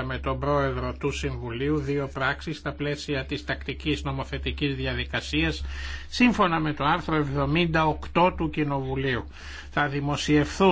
με τον πρόεδρο του Συμβουλίου δύο πράξεις στα πλαίσια της τακτικής νομοθετικής διαδικασίας σύμφωνα με το άρθρο 78 του Κοινοβουλίου. Θα δημοσιευθούν